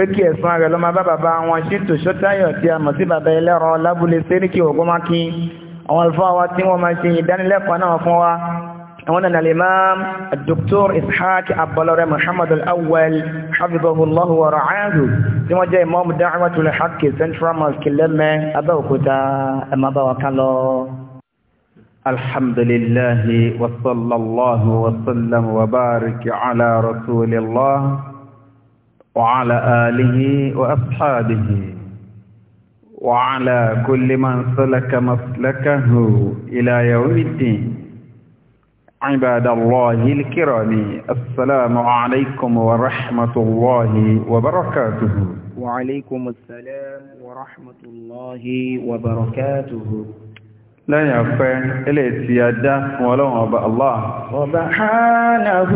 pé kí ẹ̀sùn rẹ̀ ló máa bá bàbá wọn ṣètò ṣọ́tayọ̀ tí a mọ̀ sí bàbá ẹlẹ́rọ lábúlé sẹ́ríkì ògbómákin àwọn alfáà wa tí wọ́n máa ṣe ìdánilẹ́kọ̀ọ́ náà fún wa àwọn náà al-imam dr ishaq abbalore muhammad al-awwal hafizahullahu wa ra'ahu tí wọ́n jẹ́ imam da'watul haqq وعلى آله وأصحابه وعلى كل من سلك مسلكه إلى يوم الدين عباد الله الكرام السلام عليكم ورحمة الله وبركاته وعليكم السلام ورحمة الله وبركاته لا ọ̀fẹ́ ilé سيادة ولو أبا الله سبحانه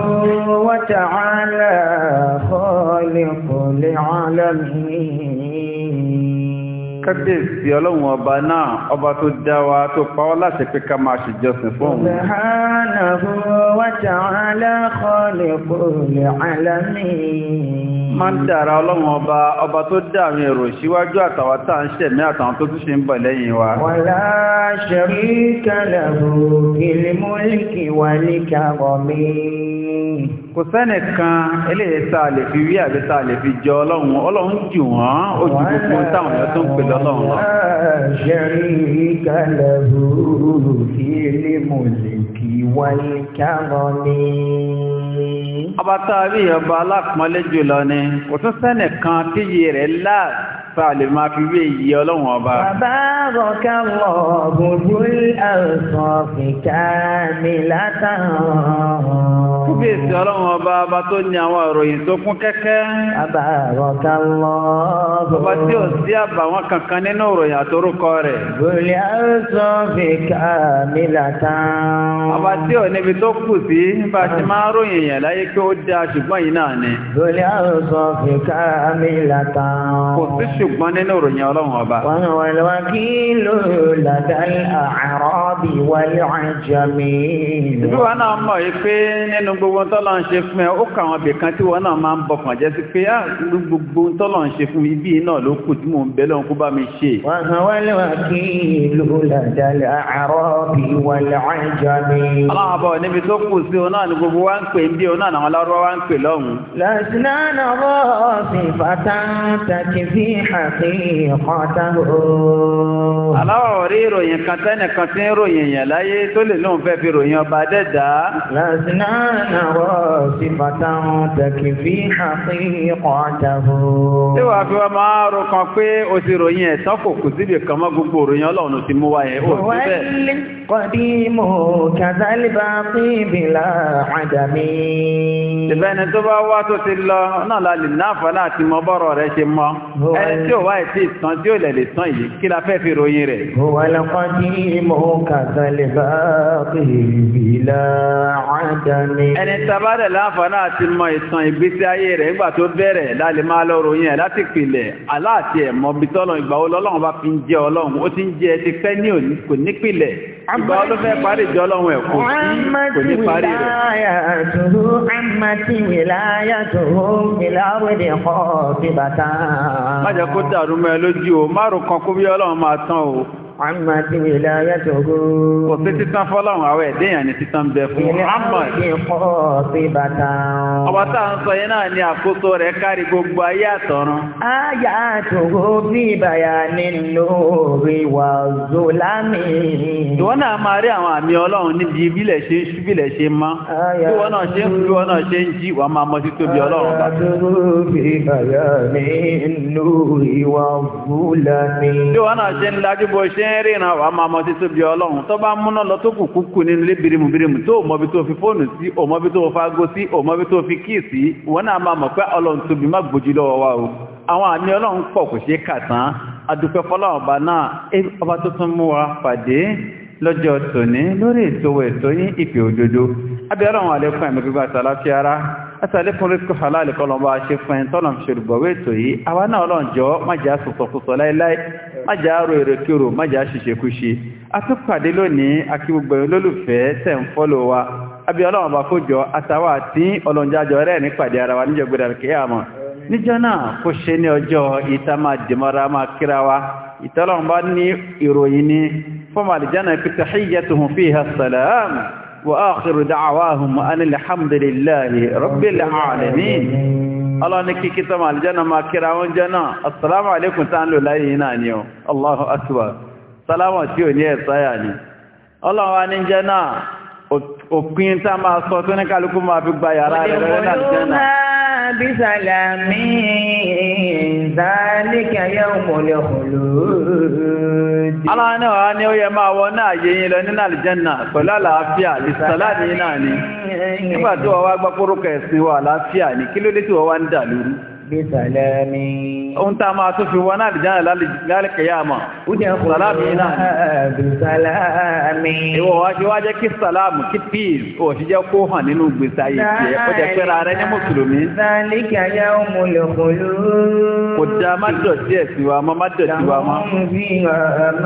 وتعالى lil alamin. kábíyèsí ọlọ́run ọba náà ọba tó dá wa tó pa ọ́ láti pé ká máa ṣèjọsìn fún òun. subhanahu wa ta'ala khaliqul alamin máa ń dára ọlọ́run ọba ọba tó dá àwọn èrò síwájú àtàwà ń ṣẹ̀mí àtàwọn tó tún ń bọ̀ lẹ́yìn wa. wàlá kò sẹ́nì kan eléyìí tá a lè fi wí àbí tá a lè fi jẹ ọlọ́run ọlọ́run jù wọ́n ó ju gbogbo táwọn èèyàn tó ń pè lọ́lọ́run lọ. ṣẹ́rí kalẹ̀ rúurú ilé mọ̀lẹ́kì wáyé kárọ̀ ni. ọba tá a rí ọba alápọ̀nlé jùlọ ni kò tún sẹ́nì kan tíye rẹ̀ láà tá a lè máa fi wé iye ọlọ́run ọba. bàbá rọ̀kà lọ gbogbo àìsàn fìkà mi látàn. Kúbèsì ọlọ́run ọba ọba tó ní àwọn ìròyìn tó kún kẹ́kẹ́. Àbàrọ̀ká lọ. Ọba tí ò sí àbàwọn kankan nínú ìròyìn àtorúkọ rẹ̀. Bùrẹ̀ àrùsọ fi ká Ọba tí ò níbi tó kù sí bá ti máa ròyìn yẹn láyé pé ó dá ṣùgbọ́n yìí náà ni. Bùrẹ̀ àrùsọ fi ká Kò sí ṣùgbọ́n nínú ìròyìn ọlọ́run ọba. Wọ́n wà lọ́wọ́ kí ló gbogbo tọ́lọ̀ ń ṣe fún ẹ ó kàwọn bìkan tí wọ́n náà máa ń bọkàn jẹ́ sí pé á ah, gbogbo tọ́lọ̀ ń ṣe fún mi náà ló kù tí mò ń bẹ́lọ̀ kó bá mi ṣe. wọ́n hàn wá lẹ́wà kí ìlú làdàlẹ̀ àárọ̀ bí wà láàjọ ni. aláwọ̀ bọ̀ níbi tó kù sí òun náà ni gbogbo wa ń pè ń bí òun náà làwọn lárúbá wa ń pè lọ́hùn. làṣìlánà rọ̀ sí fàtàǹtàkì fi hàkì kọ́tà fi ròyìn ọba dẹ́dàá. làṣìlánà rọ́ọ̀sífàtà tẹ̀kì fi haqiqatahu. Tí wà máa rò kan pé o ti ròyìn ẹ̀tọ́ kò kù síbì kan mọ́ gbogbo ròyìn ọlọ́run ti mú wáyé ó bẹ́ẹ̀. Wal qadimu kadhal baqi bila tó bá wá tó ti lọ náà la lè náàfà láti mọ bọ́rọ̀ rẹ̀ ṣe mọ́. Ẹni tí ò wá ìtì ìtàn tí ò lẹ̀ lè tán yìí kí la fẹ́ fi ròyìn rẹ̀. Wal qadimu kadhal baqi bila ẹni tabadẹ̀ láǹfààní àti mọ ìtàn ìgbésí ayé rẹ̀ nígbà tó bẹ̀rẹ̀ láti máa lọ ròyìn ẹ̀ láti pìlẹ̀ aláàtì ẹ̀ mọ bí tọ́lọ̀ ìgbà wo lọ́lọ́run bá fi ń jẹ ọlọ́run ó ti ń jẹ ti pẹ́ ní òní kò ní pìlẹ̀ ìgbà wo ló fẹ́ parí ìjọ ọlọ́run ẹ̀ kò sí kò ní parí rẹ̀. má jẹ́ kó dàrú mọ́ ẹ lójú o má rò kan kó bí ọlọ́run máa tán o àmà tí ilé ayé tó gó. kò sí títán fọ́lọ́run àwọn ẹ̀dẹ́yàn ni títán bẹ fún àmà. ilé ayé ọba tá à sọ yẹn náà ni àkóso rẹ̀ kárí gbogbo ayé àtọ̀run. ayé àtòwò bí ìbàyà nínú orí wà zolami. ìwọ náà máa rí àwọn àmì ọlọ́run níbi bílẹ̀ ṣe ń ṣú bílẹ̀ ṣe mọ́. bí wọn náà ṣe ń fi wọn náà ṣe ń jí wàá máa mọ títóbi ọlọ́run. ayé àtòwò bí ìbàyà nínú orí wà zolami. bí wọn náà ṣe ń lajú bó ṣe ṣe ń ríran wà máa mọ́ sí tóbi ọlọ́run tó bá múná lọ tó kù kúkú nínú lé birimu birimu tó mọ́bí tó fi fóònù sí òmọ́bí tó fago sí òmọ́bí tó fi kíì sí wọ́n náà máa mọ̀ pé ọlọ́run má gbójú lọ́wọ́ wa o àwọn àmì ọlọ́run pọ̀ kò ṣe kà adúpẹ́ fọlọ́run náà ọba tó tún mú wa pàdé lọ́jọ́ tòní lórí ètò látàlékún rí kò halal kọlọmbà ṣe fún ẹni tọ́lọ̀ ṣerùbọ̀wé ètò yìí àwa náà lọ́n jọ májá sọ̀sọ̀kúsọ láíláí májá rò èrè kúrò májá ṣiṣẹ́kúṣe atúpàdé lónìí akíwògbẹ̀yìn olólùfẹ́ tẹ̀ ń fọ́lọ̀ wa àbí ọlọ́run kó jọ وآخر دعواهم أن الحمد لله رب العالمين الله نكي كتم الجنة ما كراون جنة السلام عليكم تعالوا لا يناني الله أكبر سلام عليكم يا سياني الله وان جنة òpin tá máa sọ tó ní kálukú máa fi gba Ìdáníkà yóò mọ̀lẹ̀ ọ̀lọ́dì. Aláwọ̀ náà ni ó yẹ máa wọ náà yẹ yín lọ nínú àlìjẹ́nà pẹ̀lú àlàáfíà, ìsàlá náà ni. Nígbà tí wọ́n wá gbá kórókẹ̀ sí àlàáfíà ni, kí ló dé tí wọ́n wá ń dà lóru? bisalami. Ohun tá a máa tún fi wọ́n náà dìjánà lálẹ́kẹ̀yàmà. Ó jẹ́ sàlámì náà. Bisalami. Ìwọ wá ṣe wá jẹ́ kí sàlámù kí peace ò ṣe jẹ́ kó hàn nínú gbèsè ayé tiẹ̀. Ó jẹ́ pẹ́ra rẹ ní Mùsùlùmí. Sàlíkà yá wa mọ́, má wa mọ́.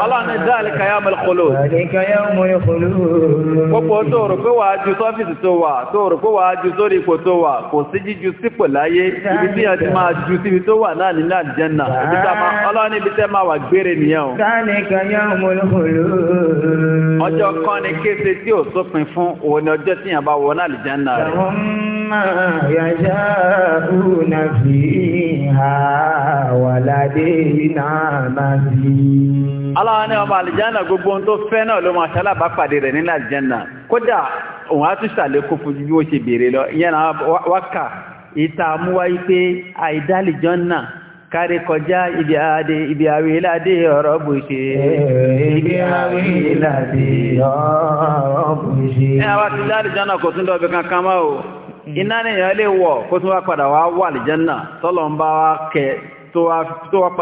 Ọlọ́run sàlíkà máa ju síbi tó wà láàrin láàrin jẹ́nà ọlọ́run níbi tẹ́ máa wà gbére nìyẹn o. sáníkà yóò mú ọjọ́ kan ni kése tí ò sópin fún òun ni ọjọ́ tíyàn bá wọ láàrin jẹ́nà rẹ̀. àwọn máa yàjá ònà fi wàládé náà máa ọlọ́run ní ọmọ àlìjánà gbogbo ohun tó fẹ́ náà ló máa ṣalábàápàdé rẹ̀ ní láàrin kódà òun á tún ṣàlékún fún bí ó ṣe béèrè lọ ìyẹn náà wákà ìta àmúwáyí pé àìdálìjọ́ náà kárí kọjá ibi àádé ibi àwíládé ọ̀rọ̀ bù ṣe ibi àwíládé ọ̀rọ̀ bù ṣe ẹ àwọn ti dáàdì jọ́nà kò tún lọ́bí kankan máa o iná nìyàn lè wọ̀ kó tó wá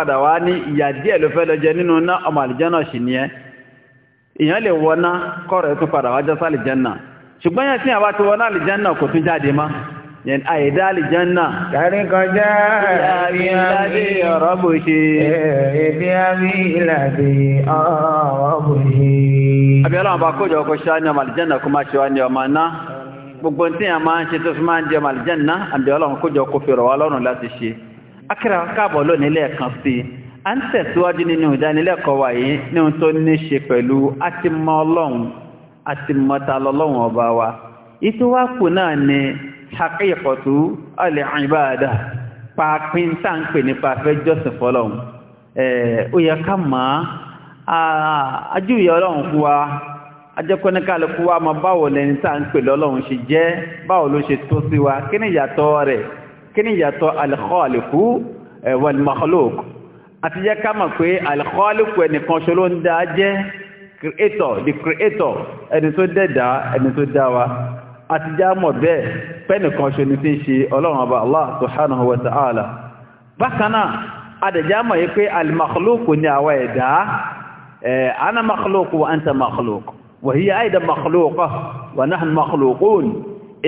padà wá ní ìyà díẹ̀ ló fẹ́ lọ jẹ nínú ná ọmọ àlìjẹ́nà sì ni ẹ èèyàn lè wọ ná kọ́rọ̀ ẹ̀ tún padà wá jẹ́ sálìjẹ́nà ṣùgbọ́n yẹn tí àwa ti wọ ná àlìjẹ́nà kò tún jáde mọ́ yẹn àyèdá àlìjánà kárí kọjá ibi àbí ọ̀rọ̀bù ṣe ibi eh, àbí ìlàbí ọ̀rọ̀bù ṣe àbí ọlọ́run bá kójọ ọkọ̀ ṣe ní ọmọ àlìjánà kó má ṣe wá ní ọmọ náà gbogbo tí a máa ń ṣe tó fi máa ń jẹ ọmọ àlìjánà àbí ọlọ́run kójọ ọkọ̀ fi rọ̀ wá lọ́rùn láti ṣe akẹ́rẹ́ káàbọ̀ lónìí lẹ́ẹ̀kan sí a ń tẹ̀síwájú nínú ìdánilẹ́kọ̀ọ́ wa yìí hakíkọ̀tú al-ibada pàápín táǹpẹ̀ nípa fẹ́ jọ́sìn fọ́lọ́un ó yẹ ká máa ajúwìyà ọlọ́run fún wa ajẹ́kọ́níkàlùkù wa ma báwo lẹni táǹpẹ̀ lọ́lọ́run ṣe jẹ́ báwo ló ṣe tó sí wa kí ni ìyàtọ̀ rẹ̀ kí ni ìyàtọ̀ al-khaliqu wal-makhluq àti jẹ́ ká mọ̀ pé al-khaliqu ẹnìkan ṣoló ń dá jẹ́ creator the creator ẹni tó dẹ̀dá ẹni tó dá àti já mọ̀ bẹ́ẹ̀ pẹ́nìkan ṣe ní tí ń ṣe ọlọ́run ọba Allah subhanahu wa ta'ala bákanáà adẹ̀já mọ̀ yí pé al-makhluku ni àwa ẹ̀dá ana makhluku wa anta makhluku wa hiya aida makhluka wa nahnu makhlukun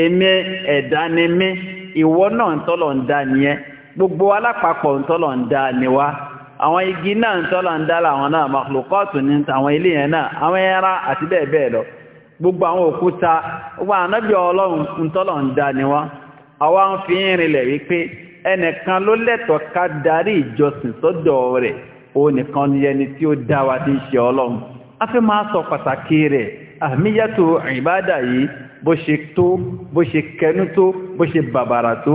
èmi ẹ̀dá ni mí ìwọ náà ń tọ́lọ̀ ń àwọn igi náà ń tọ́lọ̀ ń dá làwọn náà makhlukatu ní àwọn ilé yẹn náà àwọn ẹran àti bẹ́ẹ̀ bẹ́ẹ̀ lọ gbogbo àwọn òkúta gbogbo ànábì ọlọ́run ntọ́lọ̀ ń da ni wọ́n àwa ń fi ń rinlẹ̀ wípé ẹnìkan ló lẹ́tọ̀ọ́ ká darí ìjọsìn sọ́dọ̀ rẹ̀ òun nìkan ni ẹni tí ó dá wa ti ń ṣe ọlọ́run a fẹ́ máa sọ pàtàkì rẹ̀ àmìyàtò ìbádà yìí bó ṣe tó bó ṣe kẹnu tó bó ṣe bàbàrà tó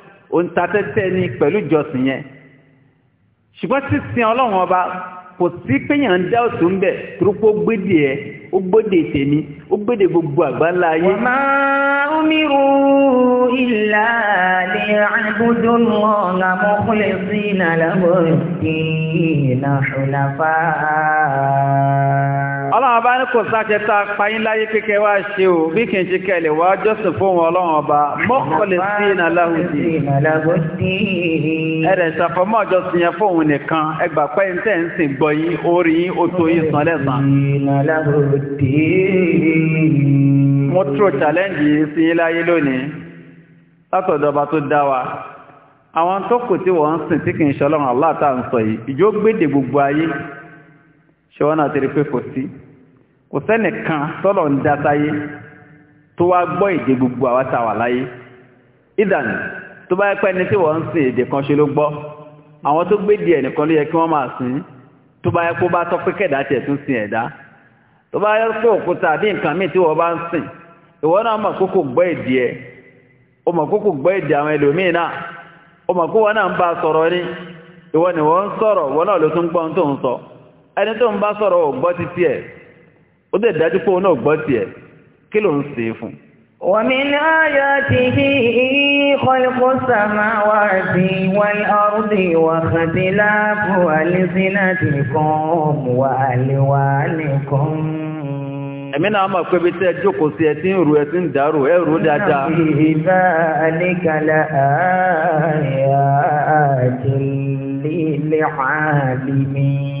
ó ń ta tẹ́tẹ́ ní pẹ̀lú ìjọsìn yẹn ṣùgbọ́n sísìn ọlọ́run ọba kò sí péyàn ń dá òtún ń bẹ̀ torípó gbédè ẹ ó gbédè tèmi ó gbédè gbogbo àgbáńlá ayé. wa ma umiru illa liya'budullaha mukhlisina lahu ad-dina hunafa ọlọ́run bá ní kò sáṣẹ ta payín láyé kékeré wá ṣe o bí kì í ṣe kẹlẹ̀ wá jọ́sìn fún wọn ọlọ́run ọba mọ́kànlẹ̀ sí iná láhùdí ẹ̀rẹ̀ ṣàfọ́mọ́ ọjọ́sìn yẹn fóun nìkan ẹgbà pẹ́ ń sìn gbọ́ yín challenge yìí sí yín láyé lónìí látọ̀dọ̀ ọba tó dá wa àwọn tó kù tí wọ́n ń sìn ṣọwọ́n náà ti rí pé sí kò sẹ́nìkan tọ́lọ̀ ń dá tó wá gbọ́ èdè gbogbo àwa a wà láyé tó bá yẹ pé tí wọ́n ń sin èdè kan ṣe ló gbọ́ àwọn tó gbé díẹ̀ nìkan ló yẹ kí wọ́n máa sìn tó bá yẹ bá tọ́ pé kẹ̀dá tiẹ̀ wọ́n bá ń náà mọ̀ kókò gbọ́ ẹ̀ o mọ̀ kókò gbọ́ ẹni tó ń bá sọ̀rọ̀ ò gbọ́ ti tiẹ̀ ó dẹ̀ dájú pé òun náà gbọ́ tiẹ̀ kí ló ń ṣe fún. ومن آياته خلق السماوات والأرض واختلاف ألسنتكم وألوانكم Èmi náà mọ̀ pé bí tẹ́ jókòó sí ẹ tí ń rú ẹ tí ń dárò ẹ rú dáadáa. Ìbá àníkàlà ààyà àti lílẹ̀ ààbí mi.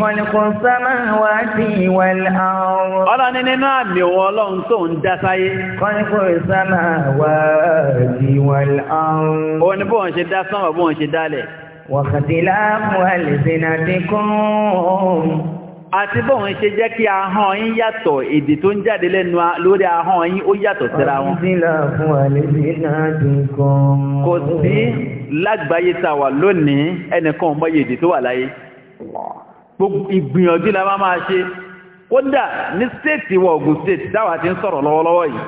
kọ́nìkọ́ sámà wá sí ìwàlẹ̀ àwọn. ọlọ́run ní nínú àmì wọn ọlọ́run tó ń dá sáyé. kọ́nìkọ́ sámà wá sí ìwàlẹ̀ àwọn. ó ní bóun ṣe dá sánmà bóun ṣe dálẹ̀. àti bóun ṣe jẹ́ kí ahọ́n yín yàtọ̀ èdè tó ń jáde lẹ́nu lórí ahọ́n yín ó yàtọ̀ síra wọn. wàkàtí láàmú àlèsínà ti kún. kò sí lágbàáyé ta lónìí ẹnìkan mọ́yèdè tó wà láyé. Allah gbogbo ìgbìyànjú la máa máa ṣe kódà ní stéètì wọ Ògùn stéètì dáwà ti ń sọ̀rọ̀ lọ́wọ́lọ́wọ́ yìí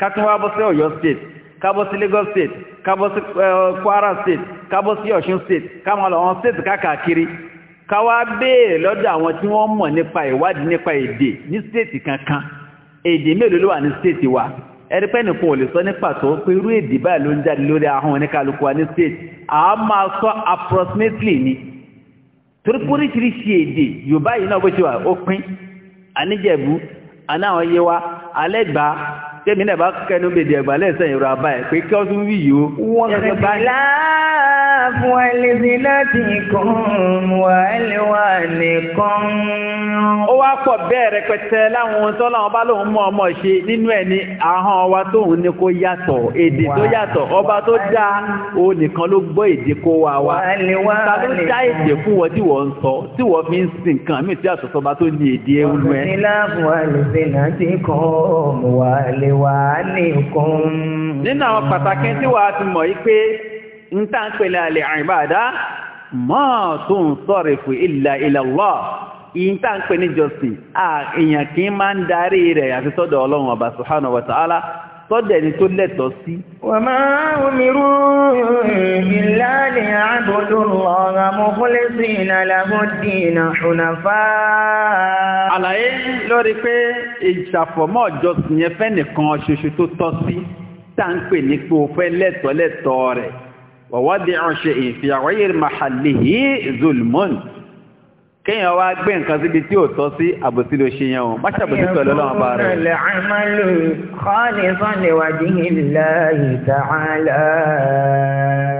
ká tún wá bọ́ sí Ọ̀yọ́ stéètì ká bọ́ sí Lagos stéètì ká bọ́ sí Kwara stéètì ká bọ́ sí Ọ̀ṣun stéètì ká máa lọ àwọn stéètì káàkiri ká wá béèrè lọ́dọ̀ àwọn tí wọ́n mọ̀ nípa ìwádìí nípa èdè ní stéètì kankan èdè mélòó ló wà ní stéètì wa ẹni nìkan ò lè sọ ní pàtó pé irú èdè báyìí ló ń jáde lórí ahọ́n oníkálukú wa ní stéètì àá máa sọ approximately ni torí póríṣiríṣi èdè yorùbá yìí náà bó ṣe wà ó pín àníjẹ̀bú anáwọn yé wa alẹ́gbàá tẹ́mi náà bá kẹ́nu bèdè ẹ̀gbà lẹ́sẹ̀ ìrọ̀ àbáyé pé kí wọ́n tún wí yìí ó wọ́n lọ́sọ̀ báyìí. عفوا لذنتكم وألوانكم ó wá pọ̀ bẹ́ẹ̀ rẹpẹtẹ láwọn tọ́láwọn bá lóun mọ́ ọmọ ṣe nínú ẹ̀ ní ahọ́n wa tóun ní kó yàtọ̀ èdè tó yàtọ̀ ọba tó dá o nìkan ló gbọ́ èdè kó wa wa ta ló dá èdè fún wọn tí wọ́n ń sọ tí wọ́n fi ń sin nǹkan mí tí àtọ̀tọ̀ bá tó ní èdè ewu ẹ. nínú àwọn pàtàkì tí wàá ti mọ̀ yí pé ń tà ń pèlè àlẹ́ àìbáadá máa tó ń sọ̀rọ̀ fún ìlà ilallah ìyìn tà ń pè ní jọsìn èèyàn kì í máa ń darí rẹ̀ àti sọ́dọ̀ ọlọ́run ọba subhanahu wa ta'ala sọ́dẹ̀ ni tó lẹ́tọ̀ọ́ sí. wa ma umiru illa liya'budu Allaha mukhlisina lahu d tá ń pè ní fẹ́ lẹ́tọ̀ọ́ lẹ́tọ̀ọ́ rẹ̀. ووضع شيء في غير محله ظلم kéèyàn wá gbé nǹkan síbi tí ò tọ́ sí àbòsí ló ṣe yẹn o má ṣàbòsí pẹ̀lú ọlọ́run bá rẹ̀. ìyẹn kò lè àmàlù khalisan li wajhi Allahi ta'ala.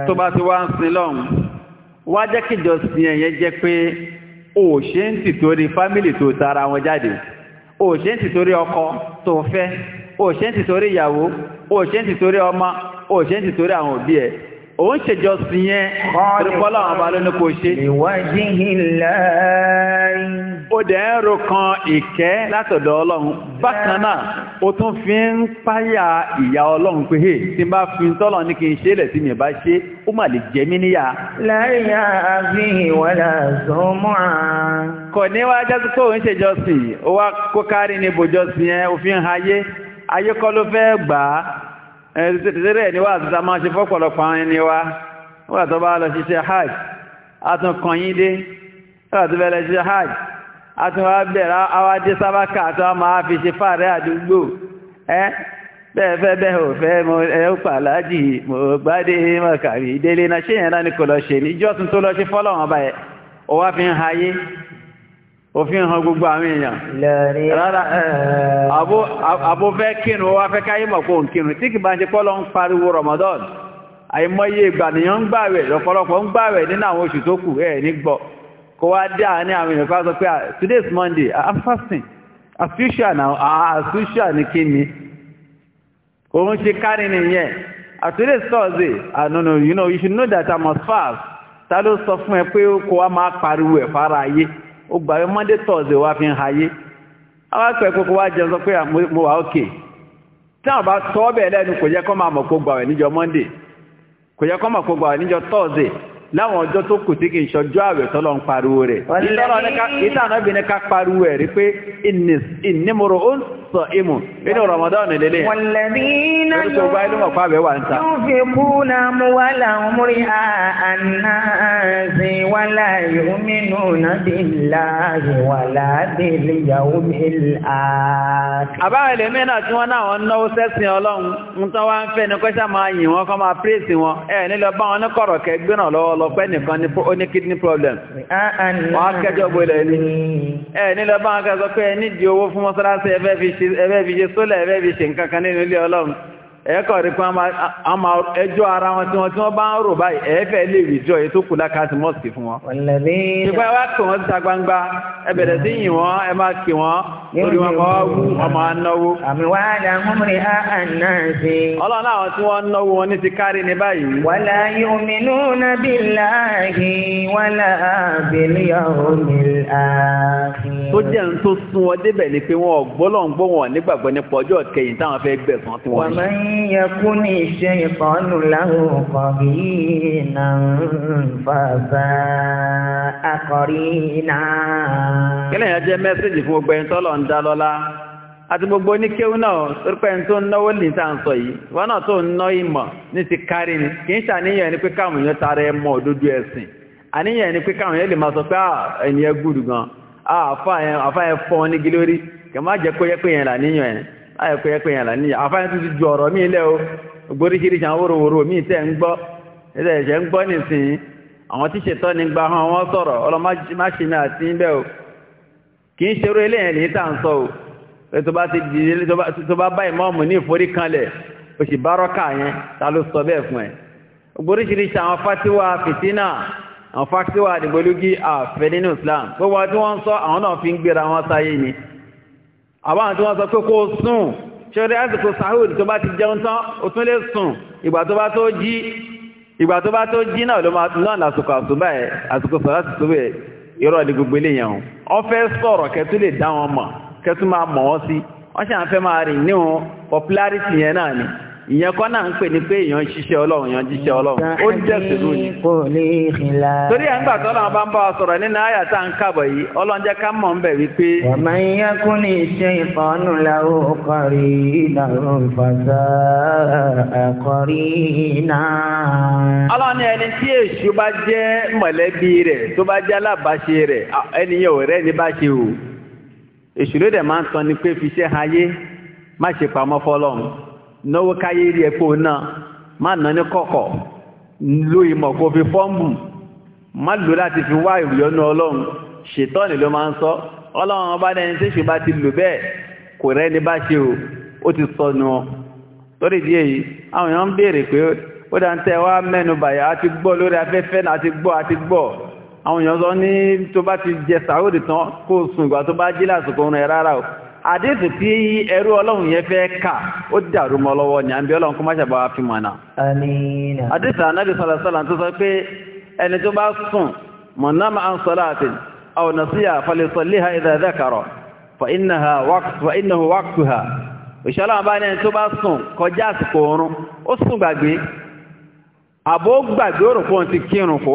tó bá ti wá ń sin lọ́hùn wá jẹ́ kíjọ sí ẹ̀yẹn jẹ́ pé ọmọ o ò àwọn òbí ẹ̀ òun ṣèjọ sí yẹn rípọ́lá àwọn ọba lónìí kò ṣe. ìwájú ìlàáyé. ó dẹ̀ ń ro kan ìkẹ́ látọ̀dọ̀ ọlọ́run bákan náà ó tún fi ń páyà ìyá ọlọ́run pé hey tí n bá fi tọ́lọ̀ ní kí n ṣe lẹ̀ tí mi bá ṣe ó mà lè jẹ́ mí níyà. láyà àfi ìwọlà sọmọ́ à. kò ní wá jásí pé òun ṣèjọ sí ó wá kó kárí ní ibòjọ sí yẹn òfin ayé ayé kọ́ ló fẹ́ gbà á. ẹ̀rẹ̀ ni wà àtútà máa ṣe fọ́pọ̀lọpọ̀ àwọn ẹni wa wà tó bá lọ hajj atún kọ̀nyídé wà tó bẹ̀rẹ̀ hajj atún wá bẹ̀rẹ̀ awádé tó a máa fi ṣe fàárẹ̀ àdúgbò ẹ́ bẹ́ẹ̀fẹ́ bẹ́ẹ̀ mo mo gbádé mọ̀kàrí náà ṣé yẹn náà ni kò lọ ṣe ní lọ ṣe fọ́lọ́wọ́n wá fi òfin hàn gbogbo àwọn èèyàn rárá àbó fẹ́ kírun wá fẹ́ káyé mọ̀ kó ń tí kì bá ń ṣe pọ́lọ ń pariwo Ramadan àìmọye ìgbànìyàn ń gbààwẹ̀ lọ́pọ̀lọpọ̀ ń gbààwẹ̀ nínú àwọn oṣù tó kù ẹ̀ ní gbọ́ kó wá dé àní àwọn èèyàn kó pé ah, today Monday ah, I'm fasting asusia na ah, asusia ni ni òun ṣe kárí nìyẹn today is ah no no you know you should know that I must fast ta ló sọ fún fara ayé ó gbà pé monday thursday wá fi ń hayé àwọn akẹ́ kókó wá jẹun sọ pé mo wà ókè tí àwọn bá sọ lẹ́nu kò yẹ kó máa mọ̀ kó láwọn ọjọ́ tó kù tí kì í ṣọjọ́ àwẹ̀ tọ́lọ ń pariwo rẹ̀ ìtànàbìnrin ká pariwo ẹ̀ rí pé ìnímòrò ó ń sọ ìmù inú Ramadan lélẹ̀ wọ̀lẹ̀dínà yóò fi kúnà mú wà láwọn múrí àánáàzí wà láàyè omínú nàbí láàyè wà láàbí ìyàwó mìíràn. àbáwẹ̀lẹ̀ mẹ́nà tí wọ́n náà náwó sẹ́sìn ọlọ́run ń tán wá ń fẹ́ ní kọ́ṣà máa kọ́ lọ pẹ́ nìkan ní ó ní kidney problem wọ́n á kẹjọ gbọ́lẹ̀ ní ẹ̀ nílọ bá ń kẹsọ pé ẹ nídìí owó fún mọ́sálásí ẹfẹ́ fi ṣe sólẹ̀ ẹfẹ́ fi ṣe nǹkan kan nínú ilé ọlọ́run ẹ̀ẹ́kọ̀ rí pé ẹjọ́ ara wọn tí wọ́n tí wọ́n bá ń rò báyìí ẹ̀ẹ́fẹ́ lè wìjọ ètò kù lákàtí mọ́sìkì fún wọn. ìpá wá kí wọ́n ta gbangba ẹ bẹ̀rẹ̀ sí yìn wọ́n ẹ máa kí wọ́n lórí wọn kọ́ wú ọmọ anáwó. àmì wá dà múmìnrin á àná sí. ọlọ́run àwọn tí wọ́n náwó wọn ní ti kárí ní báyìí. wàlá yu'minuna billahi wàlá bil yawmil akhir. tó jẹ́ ń tó sún wọn débẹ̀ ni pé wọn gbọ́lọ́ ń gbọ́ wọn nígbàgbọ́ nípa ọjọ́ kẹyìn táwọn fẹ́ gbẹ̀sán tí wọ́n ní. يكن الشيطان له قرينا فساء قرينا kílẹ̀ yẹn jẹ́ mẹ́sẹ̀jì fún gbogbo ẹni tọ́lọ̀ ń dá lọ́lá àti gbogbo oníkéwú náà torípé ẹni tó ń náwó lè ta ń sọ yìí wọn náà tó ń ná ìmọ̀ ní ti kárí ni kì í ṣàníyàn ni pé káwọn èèyàn tara ẹ mọ òdodo ẹ̀sìn àníyàn ni pé káwọn èèyàn lè máa sọ pé ah, ẹni ẹ gùdù gan ah, àfa ẹ fọ́ ọ ní gílórí kì má jẹ́ kó yẹ pé yẹn là níyàn ẹ̀ ayẹ̀kọ́ yẹ pé yẹn là níyà àfáàní tó ti ju ọ̀rọ̀ mí lẹ́ o gboríṣiríṣi àwọn wòròwòrò mí tẹ́ ń gbọ́ ẹ̀sẹ̀ ẹ̀ṣẹ̀ ń gbọ́ nìsín àwọn tí ṣètọ́ ní gba hàn wọ́n sọ̀rọ̀ ọlọ́máṣínà àti ń bẹ́ o kì í ṣerú eléyìn ní tà ń sọ o tó bá ti di tó bá bá ìmọ́ọ̀mù ní ìforí kanlẹ̀ o sì bá rọ́kà yẹn ta ló sọ bẹ́ẹ̀ fún ẹ gboríṣiríṣi àwọn fátíwá fìtínà àwọn fátíwá àdìgbòlógí àfẹ́ nínú Islam gbogbo àti wọ́n sọ àwọn náà fi ń gbéra wọn sáyé ni àwọn tí wọ́n sọ pé kó sùn ṣẹ́rẹ́ àsìkò sahur tó bá ti jẹun tán ó tún lè sùn ìgbà tó bá tó jí ìgbà tó bá tó jí náà ló máa náà lásìkò àsùbá ẹ̀ àsìkò sọ̀rọ̀ àsìkò ẹ̀ irọ́ ni gbogbo eléyàn wọ́n fẹ́ sọ̀rọ̀ kẹtù lè dá wọn mọ̀ kẹtù máa mọ̀ wọ́n sí wọ́n ṣe à ń fẹ́ máa rìn níhun popularity yẹn náà ni ìyẹn kọ́ náà ń pè ní pé èèyàn ṣiṣẹ́ ọlọ́run èèyàn jíṣẹ́ ọlọ́run ó ń jẹ́sìn torí ẹ̀ ń gbà tọ́lọ́run bá ń bá sọ̀rọ̀ nínú àyà tá kàbọ̀ yìí ọlọ́run jẹ́ ká mọ̀ ń wípé. ọmọ ìyá kún ní iṣẹ́ ìfọ́nù ìdàrú náà. ọlọ́run ẹni tí èṣù bá jẹ́ mọ̀lẹ́bí rẹ̀ tó bá jẹ́ alábàáṣe rẹ̀ o pé náwó káyé rí ẹ̀pọ̀ náà má nà ní kọ̀kọ̀ lo ìmọ̀ kò fi fọ́ǹbù má lò láti fi wá ìrìọ́nù ọlọ́run ṣètọ́nì ló máa ń sọ ọlọ́run ọba dẹni tí ṣe bá ti lò bẹ́ẹ̀ kò rẹ́ni bá ṣe o ó ti sọnù ọ lórí ìdí èyí àwọn èèyàn ń béèrè pé ó dá ń tẹ́ wá mẹ́nu bàyà àti gbọ́ lórí afẹ́fẹ́ náà àti gbọ́ àti gbọ́ àwọn èèyàn sọ ní tó bá ti jẹ sàúdì tán kó sùn ìgbà tó bá jí lásìkò rẹ̀ rárá o àdéhùn tí ẹrú ọlọ́run yẹn fẹ́ kà ó dàrú mọ́ lọ́wọ́ ni à ń bí ọlọ́run kó má ṣàbá wa fi mọ̀ náà. àdéhùn anábì sọ̀rọ̀ sọ̀rọ̀ tó sọ pé ẹni tó bá sùn mọ̀nàmà à ń sọ láàfin àwọn nàṣíyà falẹ̀sọ̀lẹ́hà ìdàdà kàrọ̀ fa ináhù ha òṣèlú àwọn abáyé ẹni tó bá sùn kọjá àsìkò oorun ó sùn gbàgbé àbó gbàgbé òrùpọ̀ ti kírun kò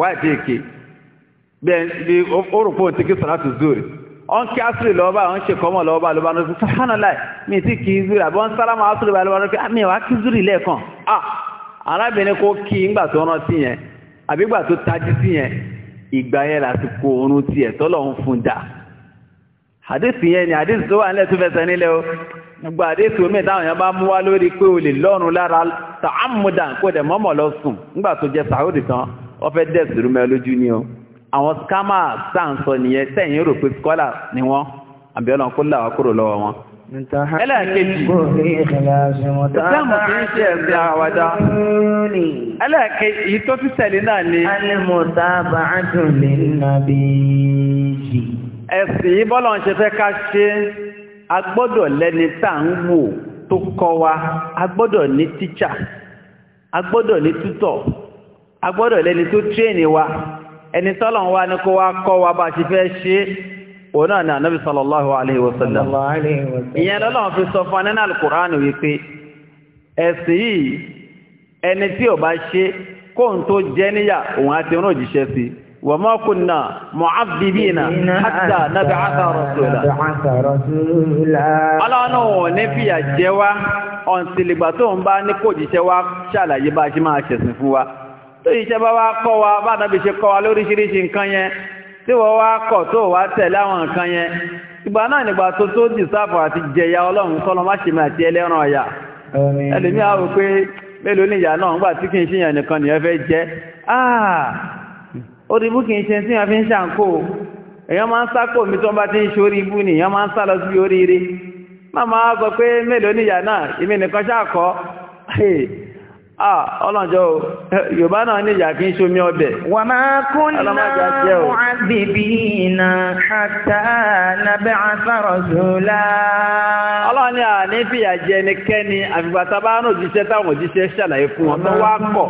ti kí sọ̀rọ̀ àti ọ̀n kí asiri lọba ọ̀n ṣe kọ́mọ̀ lọ́ba ló bá ń rọ́bí mi ti kì í zuri sálámà asiri lọba ah, mi wá kí zuri lẹ́ẹ̀kan ah arábìnrin kò kí ńgbà tó rántí yẹn àbí gbà tó tají sí yẹn ìgbà yẹn lásìkò oorun tọ́lọ̀ ń fún yẹn ni tó wà nílẹ̀ tó fẹsẹ̀ nílẹ̀ o gbogbo táwọn yẹn bá mú wá lórí pé o lè lọ́rùn lára lọ sùn tó jẹ fẹ́ dẹ̀ sùrùmẹ́ lójú àwọn skama sáǹsọ nìyẹn sẹ́yìn rò pé scholar ni wọ́n àbí ọlọ́run kó lọ́wọ́ wọn. ẹlẹ́ẹ̀kejì tó fi tẹ̀lé náà ni. ẹ̀sìn bọ́lọ̀ ṣe fẹ́ ká ṣe a lẹ́ni ń wò tó wa ní wa. ẹni tọ́lọ̀ wá ní kó wá kọ́ bá ṣe fẹ́ ṣe òun náà ni sallallahu alaihi wasallam ìyẹn lọ́lọ́run fi sọ fún nínú alukùránì wípé ẹ̀sìn yìí ẹni tí ò bá ṣe kó n tó jẹ níyà òun àti òun òjíṣẹ́ sí wa ma kunna tó iṣẹ́ bá wá kọ́ wa bá nàbí ṣe kọ́ wa lóríṣiríṣi nǹkan yẹn tí wọ́n wá kọ̀ tó wá tẹ̀lé àwọn nǹkan yẹn ìgbà náà nígbà tó tó dì àti jẹ̀yà ọlọ́run kọ́lọ má àti ẹlẹ́ran ọ̀yà ẹlòmí àwọn pé mélòó ní náà tí ṣe nìkan nìyẹn fẹ́ jẹ́ ah! ó ṣe tí wọ́n fi ń ṣàǹkó èèyàn máa ń tó ni máa ń sá lọ sí oríire Ah, ọlọ́njọ́ o, Yorùbá náà ní ìyà kí ń ṣe omi ọbẹ̀. Wa ma kunna mu'adhibina hatta nab'atha rasula. Ọlọ́ni à ní fìyà jẹ ẹnikẹ́ni àfìgbàta bá rán òjíṣẹ́ táwọn òjíṣẹ́ ṣàlàyé fún wọn tó wá pọ̀.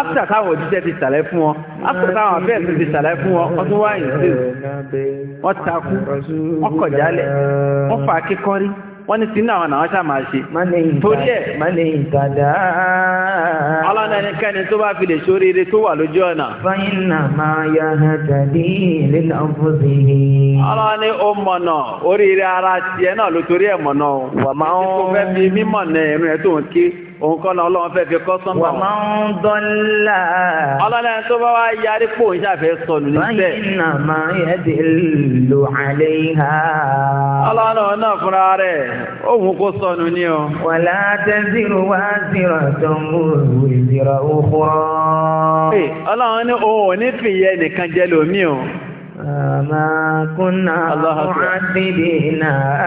Áfíà táwọn òjíṣẹ́ ti ṣàlàyé fún wọn, áfíà táwọn wọ́n ní sínú àwọn àwọn ṣàmà ṣe torí ẹ̀ ọlọ́nẹ́nikẹ́ni tó bá fi lè ṣoríire tó wà lójú ọ̀nà ọlọ́ni ó mọ̀nà oríire ara tiẹ̀ náà ló torí ẹ̀ mọ̀nà wọ́n máa ń fẹ́ fi mímọ̀ náà ẹ̀rùn ẹ̀ tó ń òun kọ́ náà ọlọ́run fẹ́ fi kọ́ sánmà wọn. wọ́n máa ń dọ́là. ọlọ́run tó bá wá yarí pò ń ṣàfẹ́ sọnù níbẹ̀. báyìí náà máa yẹ ti lò àlẹ́ ìhà. ọlọ́run náà fúnra rẹ̀ òun kò sọnù ní o. wàlá tẹ́sírù wá sírọ̀ tó ń wò ìdírọ̀ òkú. ọlọ́run ní òun ní fìyẹ́ nìkan jẹ́ lómi o. àmà kúnnà mọ́ àdìdì náà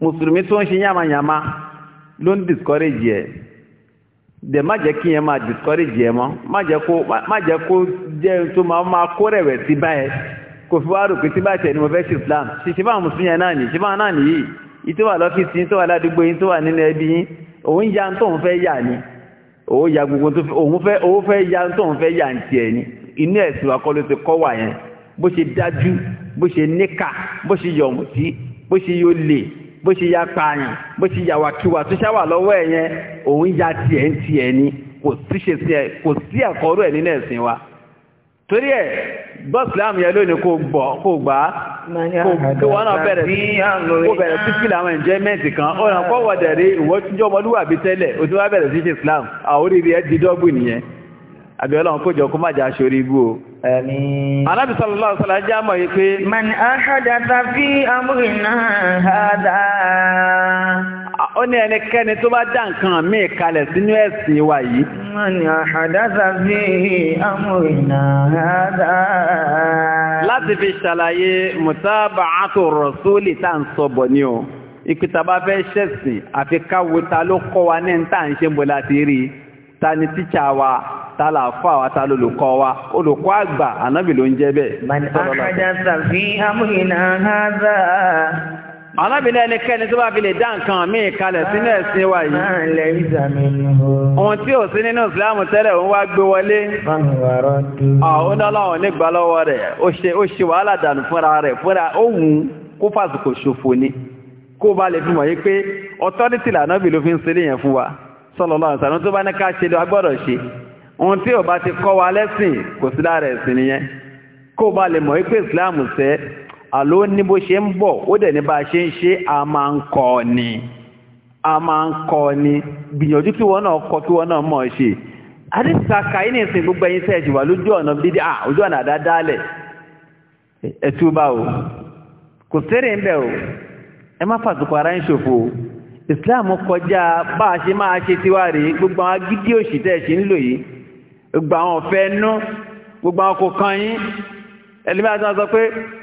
mùsùlùmí tó ń ṣe yàmàyàmà ló ń discourage ẹ̀ dẹ̀ má jẹ́ kí yẹn máa discourage ẹ̀ mọ́ má jẹ́ kó jẹ́ tó máa máa kó rẹ̀wẹ̀ sí báyẹ̀ kò fi wá rò pé tí báyìí ni mo fẹ́ ṣe Islam ṣiṣẹ́ bá mùsùlùmí yẹn náà nì ṣe bá náà nìyí ìtò wà lọ́fíìsì tó wà ládùúgbò yín tó wà nínú ẹbí yín òun ya tóun fẹ́ yà ni òun ya gbogbo tó òun fẹ́ òun fẹ́ ya tóun fẹ́ yà ń tiẹ̀ ni inú ẹ̀sìn wa kọ́ ló ti kọ́ wà yẹn bó ṣe dájú bó ṣe níkà bó ṣe yọ̀mùtí bó ṣe yóò lè bó ṣe ya pààyàn bó ṣe ya wàkiwà tó ṣáwà lọ́wọ́ ẹ̀ òun ya tiẹ̀ ń tiẹ̀ ni kò sí ṣe sí ẹ kò sí wa torí ẹ bọ́sìlámù yẹn lónìí kò gbọ́ kò gbà á kò wọ́n náà bẹ̀rẹ̀ sí kò kan ó ràn kọ́ wọ̀dẹ̀ rí tẹ́lẹ̀ ti wá bẹ̀rẹ̀ sí ṣe Islam àwọn di dọ́gbù nìyẹn àbí ọlọ́run jọ kó má ibú o. yìí pé. ó ní ẹnikẹ́ni tó bá dá nǹkan mí kalẹ̀ sínú ẹ̀sìn wa yìí. wọ́n ní àdáta bí amúrìnà àdá. láti fi ṣàlàyé mùtábà àtò rọ̀sólì tá à ń sọ̀bọ̀ ni o ìpìtà bá fẹ́ ṣẹ̀sìn àfi káwo ta ló kọ́ wa ní ta ń ṣe ń bọ̀ láti rí ta ni tíṣà wa ta la fọ́ àwa ta lolùkọ́ wa olùkọ́ àgbà ànábì ló ń jẹ́ bẹ́ẹ̀. mani àkàdá sàfihàn amúrìnà àdá alábìnrin ẹnikẹ́ni tó bá fi lè dá nǹkan míì kalẹ̀ sínú ẹ̀sìn wa yìí ohun tí ò sí nínú ìsìláàmù tẹ́lẹ̀ òun wá gbé wọlé àwọn ọlọ́run nígbà lọ́wọ́ rẹ̀ ó ṣe wàhálà dànù fúnra rẹ̀ fúnra ó wù ú kó fàsìkò ṣòfò ni kó bá lè fi mọ̀ yìí lànàbì ló fi ń sílé yẹn fún wa sọ́lọ́lọ́ ìsànú ti kọ́ wa lẹ́sìn kò sí lára ẹ̀sìn nìyẹn àló ní bó ṣe ń bọ̀ ó dẹ̀ ní bá ṣe ń ṣe a máa ń kọ́ ni a máa ń kọ́ ni gbìyànjú kí wọ́n náà kọ́ kí wọ́n náà mọ̀ ṣe àdìsàkà yìí nìsín gbogbo ẹ̀yin sẹ́ẹ̀tì wà lójú ọ̀nà dídí à ojú ọ̀nà àdádálẹ̀ ẹ̀túbà o kò sẹ́rẹ̀ ń bẹ̀ o ẹ má fàtùkọ ara ń ṣòfò ìsìláàmù kọjá bá a ṣe máa ṣe tiwa rèé gbogbo àwọn agídí òṣìṣẹ́ ṣe ń lò yìí gbogbo àwọn ọ̀fẹ́ nú gbogbo àwọn kò kan yín ẹlẹ́mìí àti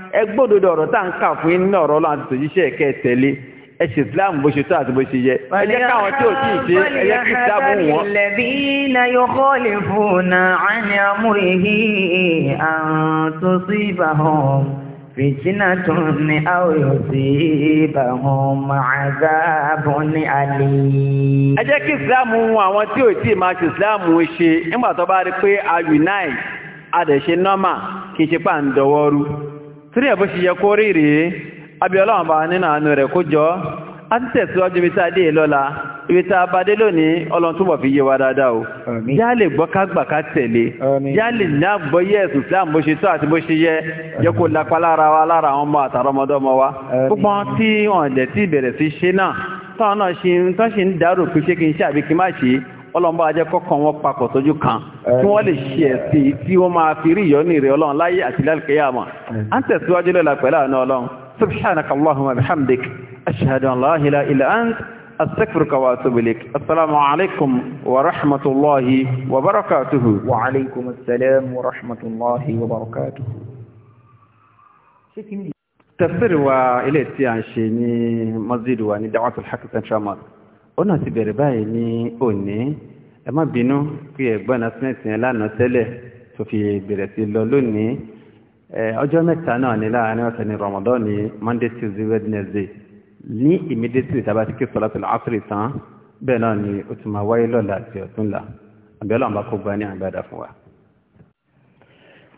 ẹgbọ́dọ̀dọ̀ ọ̀rọ̀ tá à ń kà fún yín nínú ọ̀rọ̀ ọlọ́run àti tòjíṣẹ́ ẹ̀kẹ́ tẹ̀lé ẹ ṣe islam bó ṣe tó àti bó ṣe yẹ ẹ jẹ́ káwọn tí ò tí ì ṣe ẹ jẹ́ kí islam wọn. alladhina yukhalifuna an amrihi an tusibahum fitnatun aw yusibahum adhabun ẹ jẹ́ kí wọn àwọn tí ò máa ṣe ṣe nígbà tó bá rí pé a unite a dẹ̀ ṣe normal kì í ṣe pà torí ẹ̀ bó ṣe yẹ kó rí rèé abiola ọba nínú àánú rẹ̀ kó jọ a ti tẹ̀síwájú ibi tá a dé lọ́la ibi tá a bá dé lónìí ọlọ́run túbọ̀ fi yé wa dáadáa o yá lè gbọ́ ká gbà ká tẹ̀lé yá lè ní àgbọ́yé ẹ̀sùn Islam bó ṣe tó àti bó ṣe yẹ jẹ́ kó lápá lára wa lára àwọn ọmọ àtàrọmọdọ́mọ wa púpọ̀ tí wọ́n dẹ̀ tí ìbẹ̀rẹ̀ sí ṣe náà táwọn ọlọ́mbà ajẹ́ kọ́kàn wọn papọ̀ sójú kan tí wọ́n lè ṣe ẹ̀sìn tí wọ́n máa fi rí ìyọ́nì rẹ̀ ọlọ́run láyé àti lálùkẹ́yàmọ̀ à ń tẹ̀síwájú lọ́la pẹ̀lú àwọn ọlọ́run subhanaka allahumma bihamdik ashhadu an la ilaha illa ant astaghfiruka wa atubu ilaik assalamu alaikum wa rahmatullahi wa barakatuhu wa alaikum assalam ilé tí a ń ṣe ní masjid ní da'watul haqq central ó náà ti bẹ̀rẹ̀ báyìí ní òní ẹ má bínú pé ẹ̀gbọ́n announcement yẹn lánàá tẹ́lẹ̀ tó fi bẹ̀rẹ̀ sí lọ lónìí ọjọ́ mẹ́ta náà ní láàárín ọ̀sẹ̀ ní Ramadan ní Monday Tuesday Wednesday ní immediately tàbá ti kí sọ́látùl asri tán bẹ́ẹ̀ náà ni ó ti máa wáyé lọ́la àti ọ̀túnla àbẹ́lọ́ àbákọ́gbá ní àgbàdà fún wa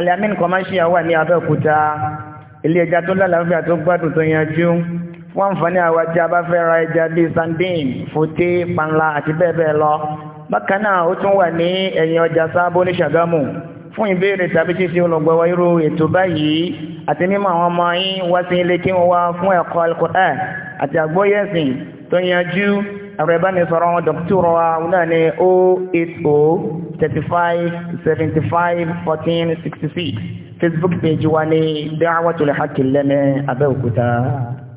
Al-Yamin commercial wà ní Abẹ́òkúta ilé ẹja tó lálàáfíà tó gbádùn tó yanjú fún àǹfààní àwọn ajá bá fẹ́ ra ẹja bíi sandin fòté panla àti bẹ́ẹ̀ bẹ́ẹ̀ lọ bákan náà ó tún wà ní ẹ̀yìn ọjà sábó ní Ṣàgámù fún ìbéèrè tàbí títí olùgbọ̀wọ́ irú ètò báyìí àti mímọ̀ àwọn ọmọ yín wá sí ilé kí wọ́n wá fún ẹ̀kọ́ al àti àgbóyẹ̀sìn tó yanjú ẹ̀rọ ìbánisọ̀rọ̀ wọn dọ̀kítọ̀rọ̀ wa wọn náà ní o oh eight o oh, thirty five seventy five fourteen sixty six facebook page wa ní Da'watul Haqq lẹ́nu Abẹ́òkúta.